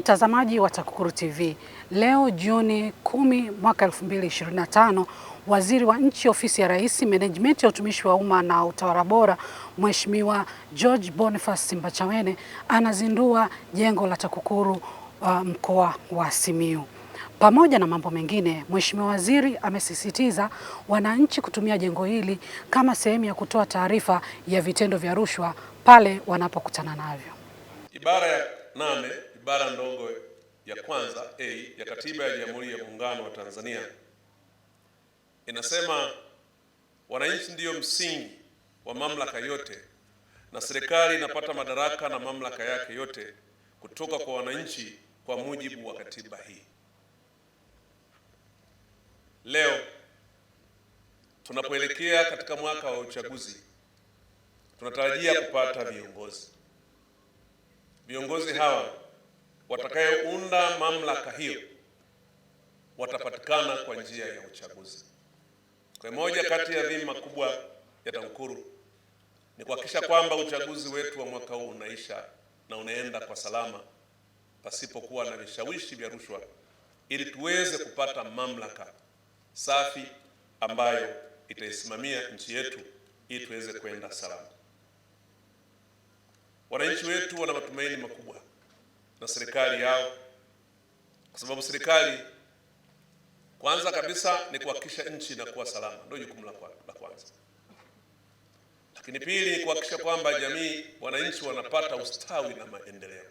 Mtazamaji wa TAKUKURU TV, leo Juni 10 mwaka 2025, Waziri wa Nchi, Ofisi ya Rais, Menejimenti ya Utumishi wa Umma na Utawala Bora, Mheshimiwa George Boniface Simbachawene anazindua jengo la TAKUKURU uh, mkoa wa Simiyu. Pamoja na mambo mengine, Mheshimiwa Waziri amesisitiza wananchi kutumia jengo hili kama sehemu ya kutoa taarifa ya vitendo vya rushwa pale wanapokutana navyo. Ibara ya nane ibara ndogo ya kwanza a ya Katiba ya Jamhuri ya Muungano wa Tanzania inasema wananchi ndiyo msingi wa mamlaka yote na serikali inapata madaraka na mamlaka yake yote kutoka kwa wananchi kwa mujibu wa katiba hii. Leo tunapoelekea katika mwaka wa uchaguzi, tunatarajia kupata viongozi. Viongozi hawa watakayounda mamlaka hiyo watapatikana kwa njia ya uchaguzi. Kwa moja kati ya dhima kubwa ya TAKUKURU ni kuhakikisha kwamba uchaguzi wetu wa mwaka huu unaisha na unaenda kwa salama pasipokuwa na vishawishi vya rushwa, ili tuweze kupata mamlaka safi ambayo itaisimamia nchi yetu ili tuweze kwenda salama. Wananchi wetu wana matumaini makubwa na serikali yao, kwa sababu serikali kwanza kabisa ni kuhakikisha nchi inakuwa salama, ndio jukumu la kwanza, lakini pili ni kuhakikisha kwamba jamii, wananchi wanapata ustawi na maendeleo,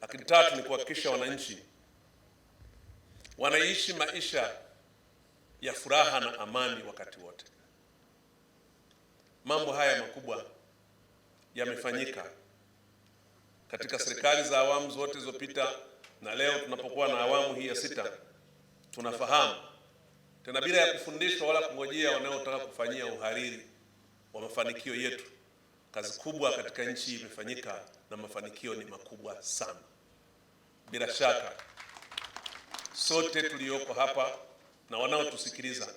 lakini tatu ni kuhakikisha wananchi wanaishi maisha ya furaha na amani wakati wote. Mambo haya makubwa yamefanyika katika serikali za awamu zote zilizopita na leo tunapokuwa na awamu hii ya sita, tunafahamu tena bila ya kufundishwa wala kungojea wanaotaka kufanyia uhariri wa mafanikio yetu. Kazi kubwa katika nchi imefanyika na mafanikio ni makubwa sana. Bila shaka sote tulioko hapa na wanaotusikiliza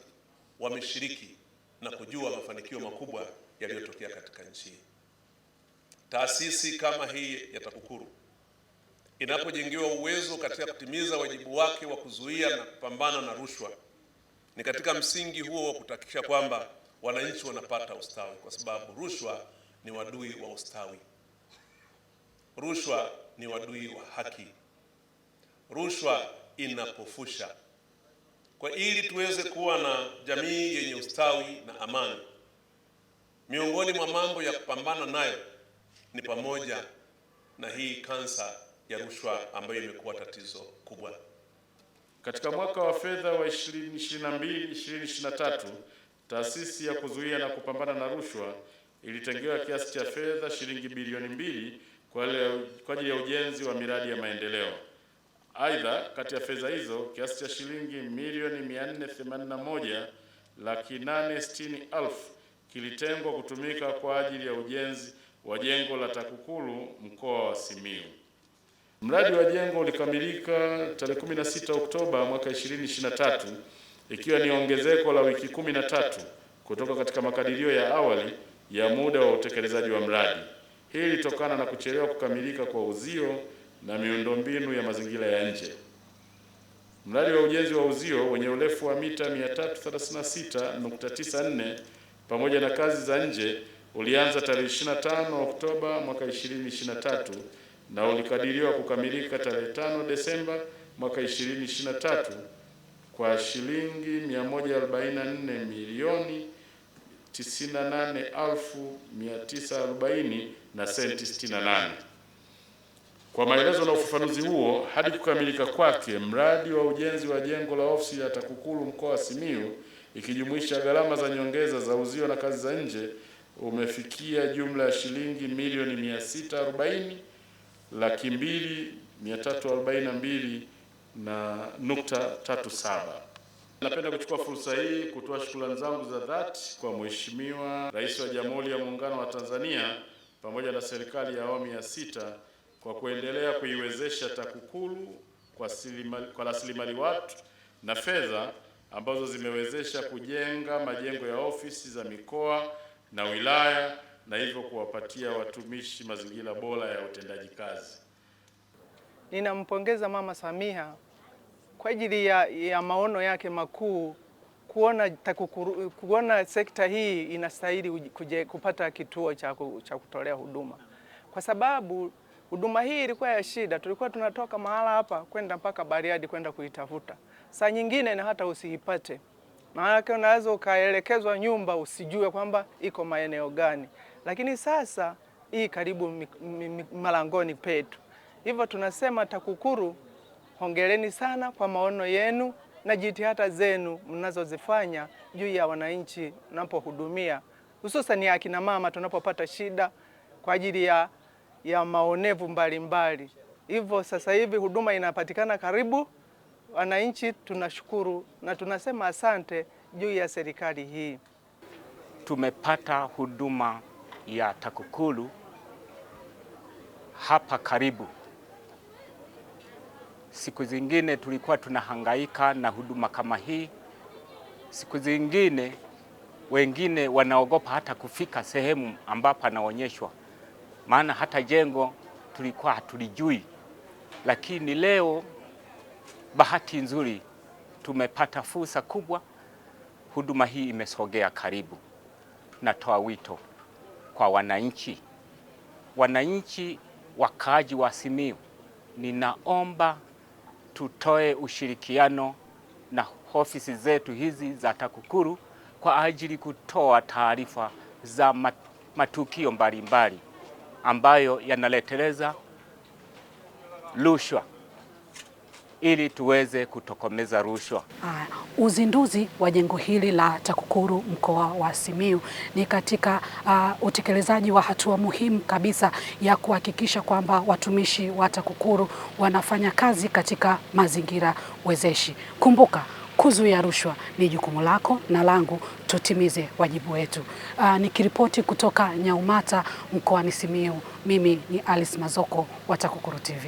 wameshiriki na kujua mafanikio makubwa yaliyotokea katika nchi. Taasisi kama hii ya TAKUKURU inapojengewa uwezo katika kutimiza wajibu wake wa kuzuia na kupambana na rushwa, ni katika msingi huo wa kutakisha kwamba wananchi wanapata ustawi, kwa sababu rushwa ni wadui wa ustawi, rushwa ni wadui wa haki, rushwa inapofusha. Kwa ili tuweze kuwa na jamii yenye ustawi na amani, miongoni mwa mambo ya kupambana nayo ni pamoja na hii kansa ya rushwa ambayo imekuwa tatizo kubwa. Katika mwaka wa fedha wa 2022 2023, taasisi ya kuzuia na kupambana na rushwa ilitengewa kiasi cha fedha shilingi bilioni mbili kwa ajili ya ujenzi wa miradi ya maendeleo. Aidha, kati ya fedha hizo kiasi cha shilingi milioni 481 laki nane elfu kilitengwa kutumika kwa ajili ya ujenzi wa jengo la TAKUKURU mkoa wa Simiyu. Mradi wa jengo ulikamilika tarehe 16 Oktoba mwaka 2023 ikiwa ni ongezeko la wiki 13 kutoka katika makadirio ya awali ya muda wa utekelezaji wa mradi. Hii ilitokana na kuchelewa kukamilika kwa uzio na miundombinu ya mazingira ya nje. Mradi wa ujenzi wa uzio wenye urefu wa mita 336.94 pamoja na kazi za nje ulianza tarehe 25 Oktoba mwaka 2023 na ulikadiriwa kukamilika tarehe 5 Desemba mwaka 2023 kwa shilingi 144 milioni 98,940 na senti 68. Kwa maelezo na ufafanuzi huo, hadi kukamilika kwake mradi wa ujenzi wa jengo la ofisi ya TAKUKURU mkoa wa Simiyu ikijumuisha gharama za nyongeza za uzio na kazi za nje umefikia jumla ya shilingi milioni 640 laki mbili na nukta tatu saba. Napenda kuchukua fursa hii kutoa shukrani zangu za dhati kwa Mheshimiwa Rais wa Jamhuri ya Muungano wa Tanzania pamoja na serikali ya awamu ya sita kwa kuendelea kuiwezesha TAKUKURU kwa rasilimali watu na fedha ambazo zimewezesha kujenga majengo ya ofisi za mikoa na wilaya na hivyo kuwapatia watumishi mazingira bora ya utendaji kazi. Ninampongeza Mama Samia kwa ajili ya, ya maono yake makuu kuona, takukuru, kuona sekta hii inastahili kupata kituo cha, cha kutolea huduma kwa sababu huduma hii ilikuwa ya shida. Tulikuwa tunatoka mahala hapa kwenda mpaka Bariadi kwenda kuitafuta, saa nyingine na hata usiipate. Maanake unaweza ukaelekezwa nyumba usijue kwamba iko maeneo gani, lakini sasa hii karibu malangoni petu. Hivyo tunasema TAKUKURU, hongereni sana kwa maono yenu na jitihada zenu mnazozifanya juu ya wananchi mnapohudumia, hususan ya akina mama tunapopata shida kwa ajili ya, ya maonevu mbalimbali. Hivyo sasa hivi huduma inapatikana karibu Wananchi tunashukuru na tunasema asante juu ya serikali hii. Tumepata huduma ya TAKUKULU hapa karibu. Siku zingine tulikuwa tunahangaika na huduma kama hii, siku zingine wengine wanaogopa hata kufika sehemu ambapo anaonyeshwa, maana hata jengo tulikuwa hatulijui, lakini leo bahati nzuri tumepata fursa kubwa, huduma hii imesogea karibu. Natoa wito kwa wananchi, wananchi wakaaji wa Simiyu, ninaomba tutoe ushirikiano na ofisi zetu hizi za TAKUKURU kwa ajili kutoa taarifa za matukio mbalimbali ambayo yanaleteleza rushwa ili tuweze kutokomeza rushwa. Uh, uzinduzi wa jengo hili la TAKUKURU mkoa wa Simiyu ni katika uh, utekelezaji wa hatua muhimu kabisa ya kuhakikisha kwamba watumishi wa TAKUKURU wanafanya kazi katika mazingira wezeshi. Kumbuka, kuzuia rushwa ni jukumu lako na langu, tutimize wajibu wetu. Uh, nikiripoti kutoka Nyaumata mkoani Simiyu, mimi ni Alice Mazoko wa TAKUKURU TV.